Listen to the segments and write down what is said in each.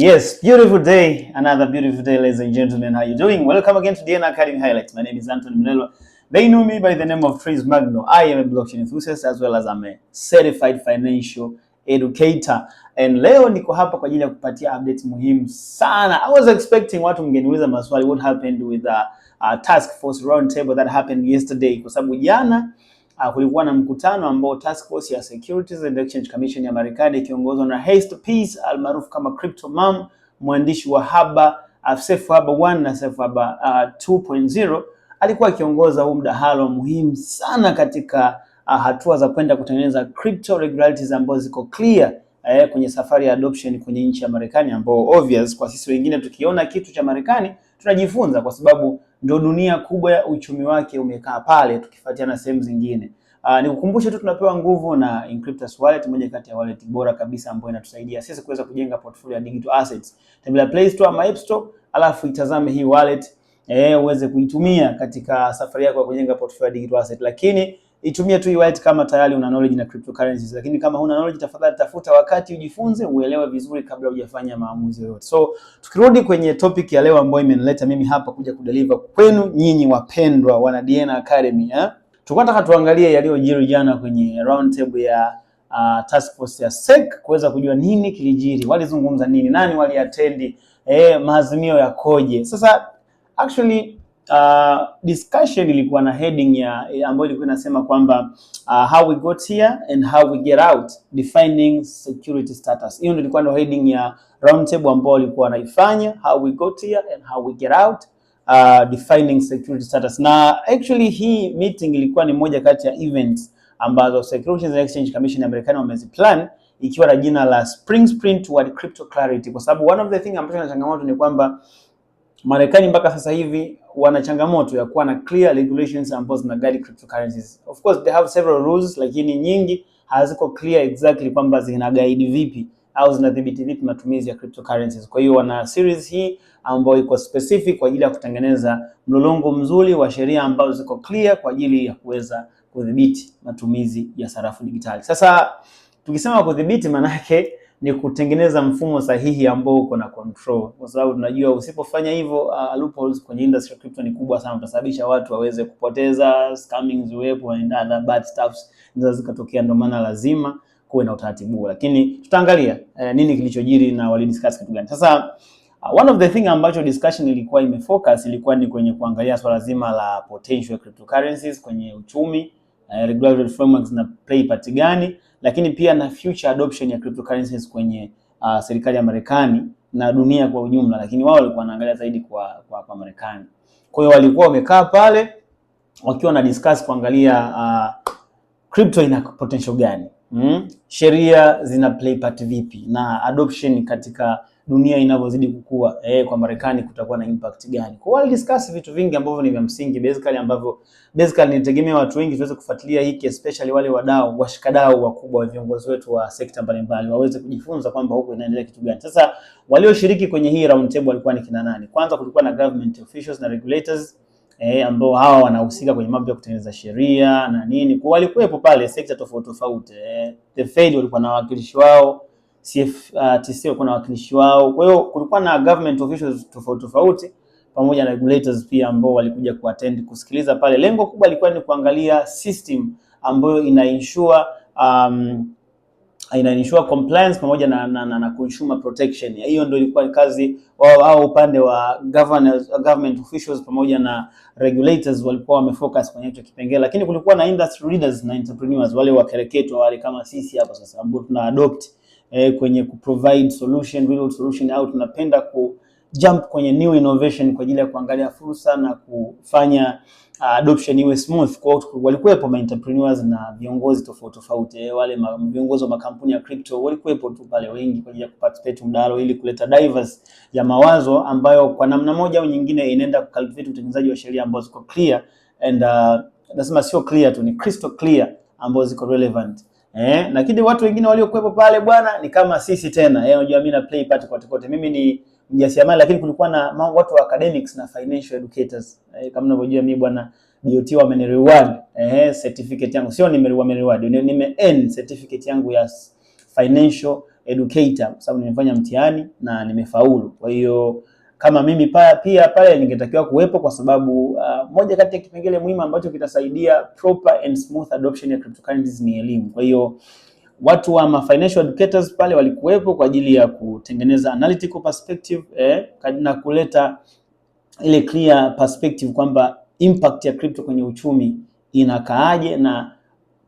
Yes, beautiful day. Another beautiful day, ladies and gentlemen. How are you doing? Welcome again to DNA Academy Highlights. My name is Anthony mnelo They know me by the name of Tris Magno. I am a blockchain enthusiast as well as I'm a certified financial educator. And leo niko hapa kwa ajili ya kupatia update muhimu sana. I was expecting watu mngeniuliza maswali what happened with the uh, task force round table that happened yesterday kwa sababu jana uh, kulikuwa na mkutano ambao task force ya Securities and Exchange Commission ya Marekani ikiongozwa na Haste Peace almaarufu kama Crypto Mom, mwandishi wa Haba uh, ah, Safe Haba 1 na Safe Haba uh, ah, 2.0 alikuwa akiongoza huu mdahalo muhimu sana katika uh, hatua za kwenda kutengeneza crypto regularities ambazo ziko clear eh, kwenye safari ya adoption kwenye nchi ya Marekani, ambao obvious kwa sisi wengine tukiona kitu cha Marekani tunajifunza, kwa sababu ndio dunia kubwa ya uchumi wake umekaa pale, tukifuatia na sehemu zingine. Uh, nikukumbushe tu tunapewa nguvu na Inkryptus Wallet, moja kati ya wallet bora kabisa ambayo inatusaidia sisi kuweza kujenga portfolio ya digital assets. Tembelea Play Store ama App Store, alafu itazame hii wallet eh, uweze kuitumia katika safari yako ya kujenga portfolio ya digital asset, lakini itumie tu white kama tayari una knowledge na cryptocurrencies, lakini kama huna knowledge, tafadhali tafuta wakati ujifunze, uelewe vizuri kabla hujafanya maamuzi yoyote. So tukirudi kwenye topic ya leo ambayo imenileta mimi hapa kuja kudeliver kwenu nyinyi wapendwa wana DNA Academy eh? Tulikuwa nataka tuangalie yaliyojiri jana kwenye round table ya uh, task force ya SEC kuweza kujua nini kilijiri, walizungumza nini, nani waliatendi, eh, maazimio yakoje. Sasa actually Uh, discussion ilikuwa na heading ya eh, ambayo ilikuwa inasema kwamba uh, how we got here and how we get out defining security status. Hiyo ndio ilikuwa ndio heading ya round table ambao walikuwa wanaifanya how we got here and how we get out uh, defining security status. Na actually hii meeting ilikuwa ni moja kati ya events ambazo Securities and Exchange Commission ya Marekani wameziplan ikiwa na jina la Spring Sprint toward Crypto Clarity, kwa sababu one of the thing ambacho na changamoto ni kwamba Marekani mpaka sasa hivi wana changamoto ya kuwa na clear regulations ambazo guide cryptocurrencies. Of course they have several rules, lakini nyingi haziko clear exactly kwamba guide vipi au zinadhibiti vipi matumizi ya cryptocurrencies. Kwa hiyo wana series hii ambayo iko specific kwa ajili ya kutengeneza mlolongo mzuri wa sheria ambazo ziko clear kwa ajili ya kuweza kudhibiti matumizi ya sarafu digitali. Sasa tukisema kudhibiti, yake ni kutengeneza mfumo sahihi ambao uko na control, kwa sababu tunajua usipofanya hivyo uh, loopholes kwenye industry crypto ni kubwa sana, utasababisha watu waweze kupoteza, scamming ziwepo and other bad stuffs zinaweza zikatokea. Ndio maana lazima kuwe na utaratibu, lakini tutaangalia uh, nini kilichojiri na walidiscuss kitu gani sasa. Uh, one of the thing ambacho discussion ilikuwa imefocus ilikuwa ni kwenye kuangalia swala zima la potential cryptocurrencies kwenye uchumi uh, regulatory frameworks na play part gani, lakini pia na future adoption ya cryptocurrencies kwenye uh, serikali ya Marekani na dunia kwa ujumla, lakini wao walikuwa wanaangalia zaidi kwa kwa, kwa Marekani. Kwa hiyo walikuwa wamekaa pale wakiwa na discuss kuangalia uh, crypto ina potential gani, mm? Sheria zina play part vipi na adoption katika dunia inavyozidi kukua eh, kwa Marekani kutakuwa na impact gani? Kwa wali discuss vitu vingi ambavyo ni vya msingi basically, ambavyo basically nitegemea watu wengi tuweze kufuatilia hiki, especially wale wadau, washikadau wakubwa, viongozi wetu wa sekta mbalimbali waweze kujifunza kwamba huko inaendelea kitu gani. Sasa walioshiriki kwenye hii round table walikuwa ni kina nani? Kwanza kulikuwa na government officials na regulators eh, ambao hawa wanahusika kwenye mambo ya kutengeneza sheria na nini, kwa walikuwepo pale sekta tofauti tofauti. Eh, the Fed walikuwa na wawakilishi wao CFTC uh, walikuwa na wakilishi wao. Kwa hiyo kulikuwa na government officials tofauti tofauti pamoja na regulators pia ambao walikuja kuattend kusikiliza pale. Lengo kubwa lilikuwa ni kuangalia system ambayo ina ensure um, ina ensure compliance pamoja na, na, na, na consumer protection. Hiyo ndio ilikuwa kazi wao au upande wa governors, government officials pamoja na regulators walikuwa wamefocus kwenye hicho kipengele, lakini kulikuwa na industry leaders na entrepreneurs wale wakereketwa wale kama sisi hapa sasa ambao tuna adopt eh, kwenye kuprovide solution, real solution au tunapenda ku jump kwenye new innovation kwa ajili ya kuangalia fursa na kufanya uh, adoption iwe smooth. Kwa hiyo walikuwepo ma entrepreneurs na viongozi tofauti tofauti, eh, wale ma, viongozi wa makampuni ya crypto walikuwepo tu pale wengi kwa ajili ya kuparticipate mdahalo, ili kuleta diverse ya mawazo ambayo kwa namna moja au nyingine inaenda kucultivate utengenezaji wa sheria ambazo ziko clear and uh, nasema sio clear tu, ni crystal clear ambazo ziko relevant eh, lakini watu wengine waliokuwepo pale bwana ni kama sisi tena. Eh, unajua mimi na play part kwa kote, mimi ni mjasiriamali, lakini kulikuwa na watu wa academics na financial educators eh, kama unavyojua mimi bwana BOT wameni reward eh, certificate yangu sio nime wame reward nime earn certificate yangu ya financial educator, kwa sababu nimefanya mtihani na nimefaulu. Kwa hiyo kama mimi pa, pia pale ningetakiwa kuwepo kwa sababu uh, moja kati ya kipengele muhimu ambacho kitasaidia proper and smooth adoption ya cryptocurrencies ni elimu. Kwa hiyo watu wa financial educators pale walikuwepo kwa ajili ya kutengeneza analytical perspective eh, na kuleta ile clear perspective kwamba impact ya crypto kwenye uchumi inakaaje na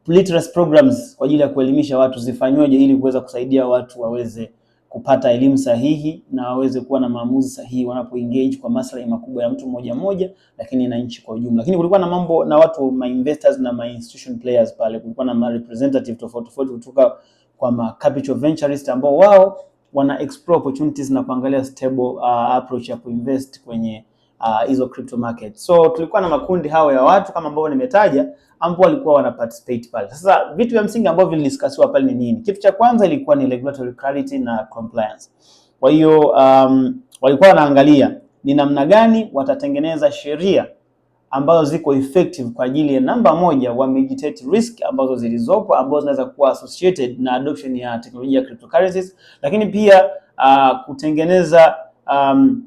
literacy programs kwa ajili ya kuelimisha watu zifanywaje ili kuweza kusaidia watu waweze kupata elimu sahihi na waweze kuwa na maamuzi sahihi engage kwa maslahi makubwa ya mtu mmoja mmoja, lakini na nchi kwa ujumla. Lakini kulikuwa na mambo na watu ma investors na ma institution players pale, kulikuwa na ma representative tofauti tofauti kutoka kwa ma capital venturist ambao wao wana explore opportunities na kuangalia stable uh, approach ya kuinvest kwenye Uh, hizo uh, crypto market. So tulikuwa na makundi hao ya watu kama ambao nimetaja ambao walikuwa wana participate pale. Sasa vitu vya msingi ambavyo vilidiskasiwa pale ni nini? Kitu cha kwanza ilikuwa ni regulatory clarity na compliance. Kwa hiyo um, walikuwa wanaangalia ni namna gani watatengeneza sheria ambazo ziko effective kwa ajili ya namba moja, wa mitigate risk ambazo zilizopo ambazo zinaweza kuwa associated na adoption ya teknolojia ya cryptocurrencies, lakini pia uh, kutengeneza um,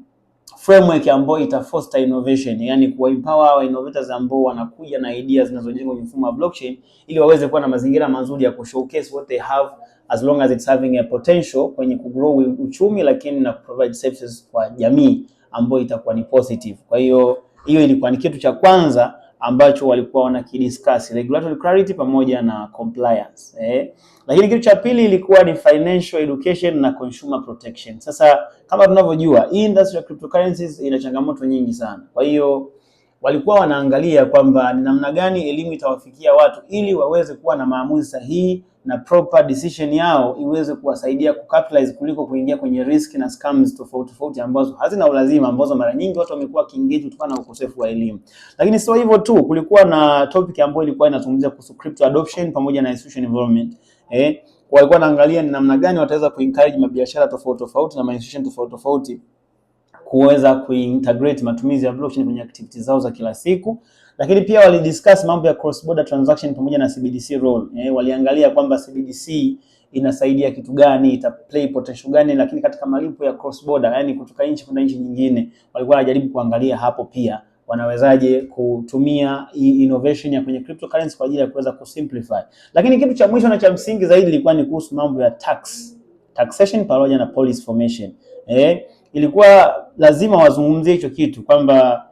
framework ambayo ita foster innovation, yani kuwa empower wa innovators ambao wanakuja na ideas zinazojengwa kwenye mfumo wa blockchain ili waweze kuwa na mazingira mazuri ya ku showcase what they have as long as it's having a potential kwenye ku grow uchumi, lakini na provide services kwa jamii ambayo itakuwa ni positive. Kwa hiyo hiyo ilikuwa ni kitu cha kwanza ambacho walikuwa wanakidiscuss regulatory clarity pamoja na compliance eh. Lakini kitu cha pili ilikuwa ni financial education na consumer protection. Sasa kama tunavyojua industry ya cryptocurrencies ina changamoto nyingi sana, kwa hiyo walikuwa wanaangalia kwamba ni namna gani elimu itawafikia watu ili waweze kuwa na maamuzi sahihi na proper decision yao iweze kuwasaidia kucapitalize kuliko kuingia kwenye risk na scams tofauti tofauti ambazo hazina ulazima, ambazo mara nyingi watu wamekuwa kiingeji kutokana na ukosefu wa elimu. Lakini sio hivyo tu, kulikuwa na topic ambayo ilikuwa inazungumzia kuhusu crypto adoption pamoja na institution involvement eh, walikuwa wanaangalia ni namna gani wataweza kuencourage mabiashara tofauti tofauti na institution tofauti tofauti kuweza kuintegrate matumizi ya blockchain kwenye activities zao za kila siku, lakini pia walidiscuss mambo ya cross border transaction pamoja na CBDC role. Eh, waliangalia kwamba CBDC inasaidia kitu gani, ita play potential gani, lakini katika malipo ya cross border, yani kutoka nchi kwenda nchi nyingine, walikuwa wanajaribu kuangalia hapo pia wanawezaje kutumia innovation ya kwenye cryptocurrency kwa ajili ya kuweza kusimplify. Lakini kitu cha mwisho na cha msingi zaidi ilikuwa ni kuhusu mambo ya tax, taxation pamoja na policy formation. Eh, ilikuwa lazima wazungumzie hicho kitu kwamba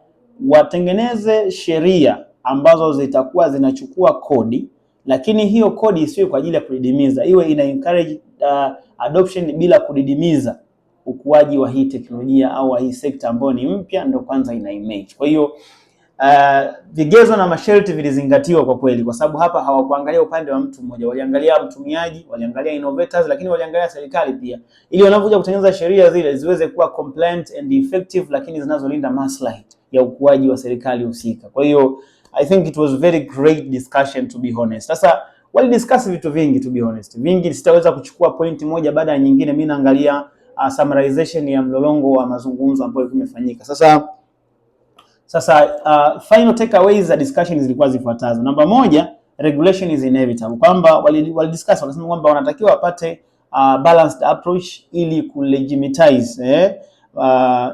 watengeneze sheria ambazo zitakuwa zinachukua kodi, lakini hiyo kodi isiwe kwa ajili ya kudidimiza, iwe ina encourage uh, adoption bila kudidimiza ukuaji wa hii teknolojia au wa hii sekta ambayo ni mpya, ndio kwanza ina image. Kwa hiyo Uh, vigezo na masharti vilizingatiwa kwa kweli, kwa sababu hapa hawakuangalia upande wa mtu mmoja, waliangalia mtumiaji, waliangalia innovators, lakini waliangalia serikali pia, ili wanapokuja kutengeneza sheria zile ziweze kuwa compliant and effective, lakini zinazolinda maslahi ya ukuaji wa serikali husika. Kwa hiyo I think it was very great discussion to be honest. Sasa wali discuss vitu vingi to be honest, vingi sitaweza kuchukua pointi moja baada ya nyingine. Mimi naangalia uh, summarization ya mlolongo wa mazungumzo ambayo imefanyika sasa sasa uh, final takeaways za discussion zilikuwa zifuatazo. Namba moja, regulation is inevitable, kwamba walidiscuss wali wanasema kwamba wanatakiwa wapate uh, balanced approach ili kulegitimize eh, uh,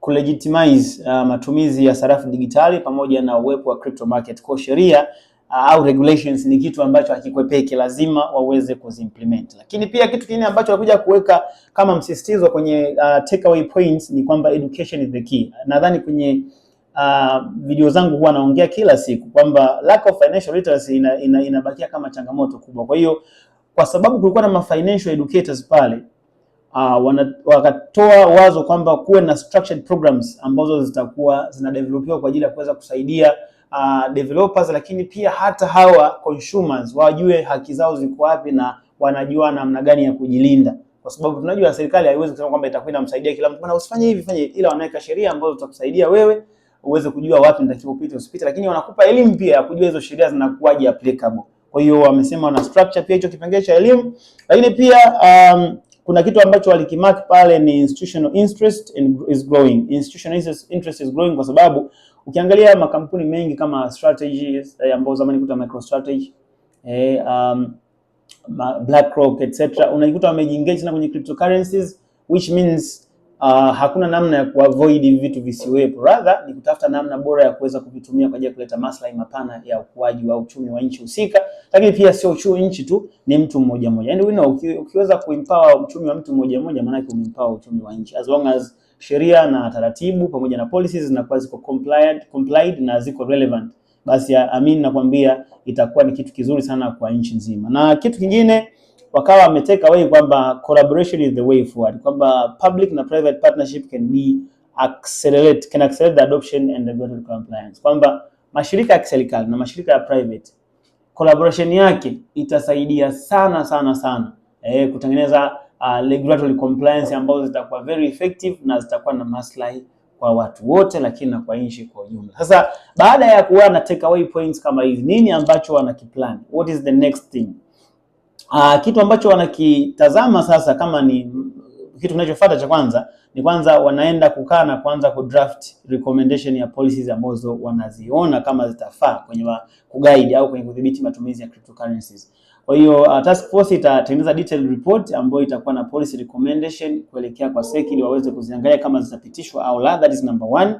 kulegitimize uh, matumizi ya sarafu digitali pamoja na uwepo wa crypto market. Kwa sheria uh, au regulations ni kitu ambacho hakikwepeki, lazima waweze kuzimplement. Lakini pia kitu kingine ambacho wakuja kuweka kama msisitizo kwenye uh, takeaway points ni kwamba education is the key. Nadhani kwenye uh, video zangu huwa naongea kila siku kwamba lack of financial literacy ina, ina, inabakia kama changamoto kubwa. Kwa hiyo kwa sababu kulikuwa na mafinancial educators pale uh, wana, wakatoa wazo kwamba kuwe na structured programs ambazo zitakuwa zinadevelopiwa kwa ajili ya kuweza kusaidia uh, developers, lakini pia hata hawa consumers wajue haki zao ziko wapi na wanajua namna gani ya kujilinda kwa sababu tunajua serikali haiwezi kusema kwamba itakuwa inamsaidia kila mtu, bwana usifanye hivi fanye, ila wanaweka sheria ambazo zitakusaidia wewe uweze kujua wapi unatakiwa upite usipite, lakini wanakupa elimu pia ya kujua hizo sheria zinakuwaje applicable. Kwa hiyo wamesema wana structure pia hicho kipengele cha elimu, lakini pia um, kuna kitu ambacho walikimark pale ni institutional interest in, is growing. Institutional interest is growing kwa sababu ukiangalia makampuni mengi kama strategies eh, ambao zamani kuta MicroStrategy eh, um, BlackRock etc, unajikuta wamejiengage na kwenye cryptocurrencies which means uh, hakuna namna ya kuavoid hivi vitu visiwepo, rather ni kutafuta namna bora ya kuweza kuvitumia kwa ajili ya kuleta maslahi mapana ya ukuaji wa uchumi wa nchi husika, lakini pia sio uchumi nchi tu, ni mtu mmoja mmoja. Yani wewe ukiweza kuempower uchumi wa mtu mmoja mmoja, maana yake umeempower uchumi wa nchi as long as sheria na taratibu pamoja na policies zinakuwa ziko compliant, complied na ziko relevant, basi amini nakwambia itakuwa ni kitu kizuri sana kwa nchi nzima. Na kitu kingine wakawa wameteka away kwamba collaboration is the way forward, kwamba public na private partnership can be accelerate can accelerate the adoption and regulatory compliance, kwamba mashirika ya kiserikali na mashirika ya private collaboration yake itasaidia sana sana sana eh, kutengeneza uh, regulatory compliance ambazo zitakuwa very effective na zitakuwa na maslahi kwa watu wote, lakini na kwa nchi kwa ujumla. Sasa baada ya kuwa na takeaway points kama hizi, nini ambacho wana kiplan? What is the next thing? Uh, kitu ambacho wanakitazama sasa kama ni kitu kinachofuata cha kwanza ni kwanza wanaenda kukaa na kuanza draft recommendation ya policies ambazo wanaziona kama zitafaa kwenye kuguide au kwenye kudhibiti matumizi ya cryptocurrencies. Kwa hiyo uh, task force itatengeneza detailed report ambayo itakuwa na policy recommendation kuelekea kwa SEC ili waweze kuziangalia kama zitapitishwa au la. That is number one.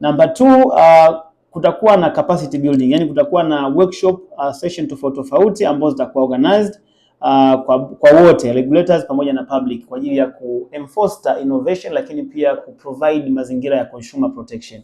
Number two, uh, kutakuwa na capacity building, yani kutakuwa na workshop uh, session tofauti tofauti ambazo zitakuwa organized uh, kwa, kwa wote regulators pamoja na public kwa ajili ya ku enforce innovation, lakini pia ku provide mazingira ya consumer protection.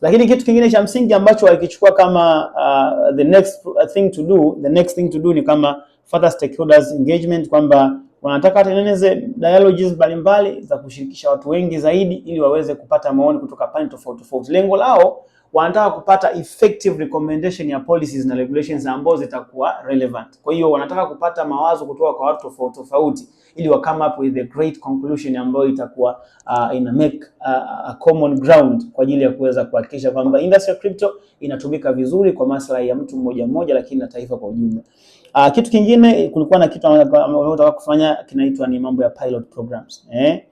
Lakini kitu kingine cha msingi ambacho wakichukua kama uh, the next thing to do, the next thing to do ni kama further stakeholders engagement kwamba wanataka watengeneze dialogues mbalimbali za kushirikisha watu wengi zaidi ili waweze kupata maoni kutoka pande tofauti tofauti. Lengo lao wanataka kupata effective recommendation ya policies na regulations ambazo zitakuwa relevant. Kwa hiyo wanataka kupata mawazo kutoka kwa watu tofauti tofauti ili wa come up with a great conclusion ambayo itakuwa uh, ina make uh, a common ground kwa ajili ya kuweza kuhakikisha kwamba industry ya crypto inatumika vizuri kwa maslahi ya mtu mmoja mmoja, lakini na taifa kwa ujumla. Uh, kitu kingine kulikuwa na kitu wanataka kufanya kinaitwa ni mambo ya pilot programs eh?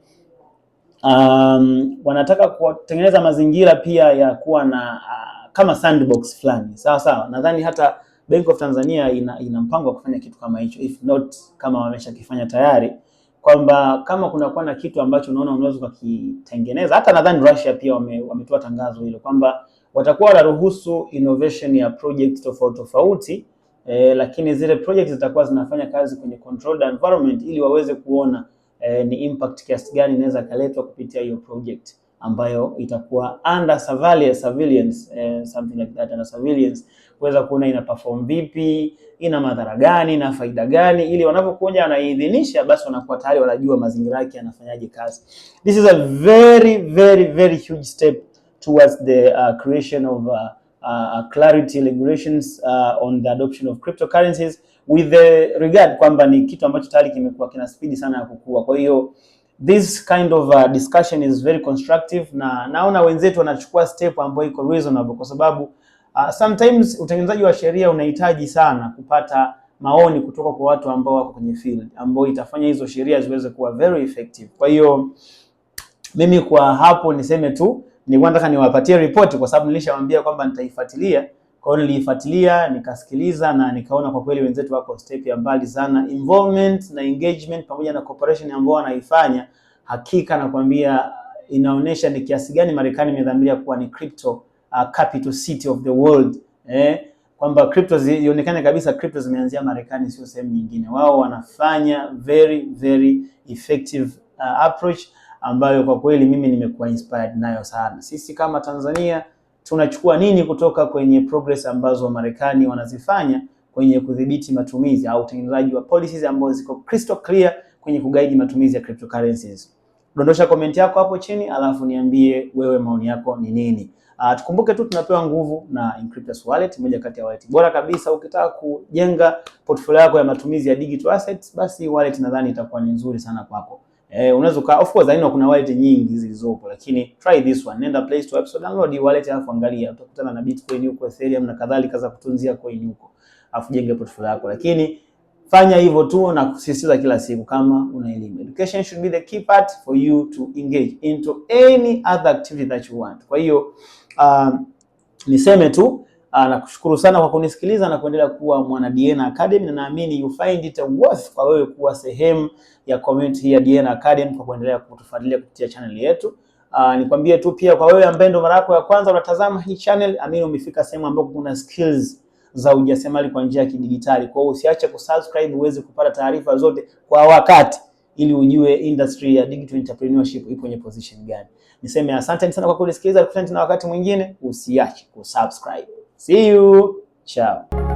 um, wanataka kutengeneza mazingira pia ya kuwa na uh, kama sandbox fulani sawa sawa. Nadhani hata Bank of Tanzania ina, ina mpango wa kufanya kitu kama hicho, if not kama wameshakifanya tayari, kwamba kama kunakuwa na kitu ambacho unaona unaweza ukakitengeneza. Hata nadhani Russia pia wame, wametoa tangazo hilo kwamba watakuwa wanaruhusu innovation ya project tofauti tofauti eh, lakini zile project zitakuwa zinafanya kazi kwenye controlled environment ili waweze kuona eh, ni impact kiasi gani inaweza kaletwa kupitia hiyo project ambayo itakuwa under surveillance, surveillance eh, something like that under surveillance, kuweza kuona ina perform vipi, ina madhara gani na faida gani, ili wanapokuja anaiidhinisha, basi wanakuwa tayari wanajua mazingira yake yanafanyaje kazi. This is a very very very huge step towards the uh, creation of uh, Uh, uh, clarity regulations uh, on the adoption of cryptocurrencies with the regard kwamba ni kitu ambacho tayari kimekuwa kina spidi sana ya kukua. Kwa hiyo this kind of uh, discussion is very constructive, na naona wenzetu wanachukua step ambayo iko reasonable, kwa sababu uh, sometimes utengenezaji wa sheria unahitaji sana kupata maoni kutoka kwa watu ambao wako kwenye field ambao itafanya hizo sheria ziweze kuwa very effective. Kwa hiyo mimi kwa hapo niseme tu nilikuwa nataka niwapatie ripoti kwa sababu nilishawaambia kwamba nitaifuatilia. Kwa hiyo niliifuatilia, nikasikiliza na nikaona kwa kweli wenzetu wako step ya mbali sana, involvement na engagement pamoja na cooperation ambao wanaifanya, hakika nakwambia uh, inaonyesha ni kiasi gani Marekani imedhamiria kuwa ni crypto uh, capital city of the world eh, kwamba crypto zionekane kabisa, crypto zimeanzia Marekani, sio sehemu nyingine. Wao wanafanya very very effective uh, approach ambayo kwa kweli mimi nimekuwa inspired nayo sana. Sisi kama Tanzania tunachukua nini kutoka kwenye progress ambazo Marekani wanazifanya kwenye kudhibiti matumizi au utengenezaji wa policies ambazo ziko crystal clear kwenye kugaidi matumizi ya cryptocurrencies. Dondosha komenti yako hapo chini, alafu niambie wewe maoni yako ni nini. Uh, tukumbuke tu tunapewa nguvu na Inkryptus Wallet, moja kati ya wallet bora kabisa. Ukitaka kujenga portfolio yako ya matumizi ya digital assets, basi wallet nadhani itakuwa ni nzuri sana kwako. Eh, unaweza ka of course aina kuna wallet nyingi zilizopo, lakini try this one, nenda Play Store app store download wallet, alafu angalia, utakutana na Bitcoin huko, Ethereum na kadhalika za kutunzia coin huko, afu jenge portfolio yako. Lakini fanya hivyo tu na kusisitiza kila siku, kama una elimu, education should be the key part for you to engage into any other activity that you want. Kwa hiyo um, niseme tu Uh, Nakushukuru sana kwa kunisikiliza na kuendelea kuwa mwana Diena Academy, na naamini you find it worth kwa wewe kuwa sehemu ya community ya Diena Academy kwa kuendelea kutufuatilia kupitia channel yetu. Uh, nikwambie tu pia kwa wewe ambaye ndo mara yako ya kwanza unatazama hii channel, amini umefika sehemu ambapo kuna skills za ujasiriamali kwa njia ya kidijitali. Kwa hiyo usiache kusubscribe uweze kupata taarifa zote kwa wakati ili ujue industry ya digital entrepreneurship ipo kwenye position gani. Niseme asante sana kwa kunisikiliza, tukutane tena wakati mwingine, usiache kusubscribe. See you! Tchau!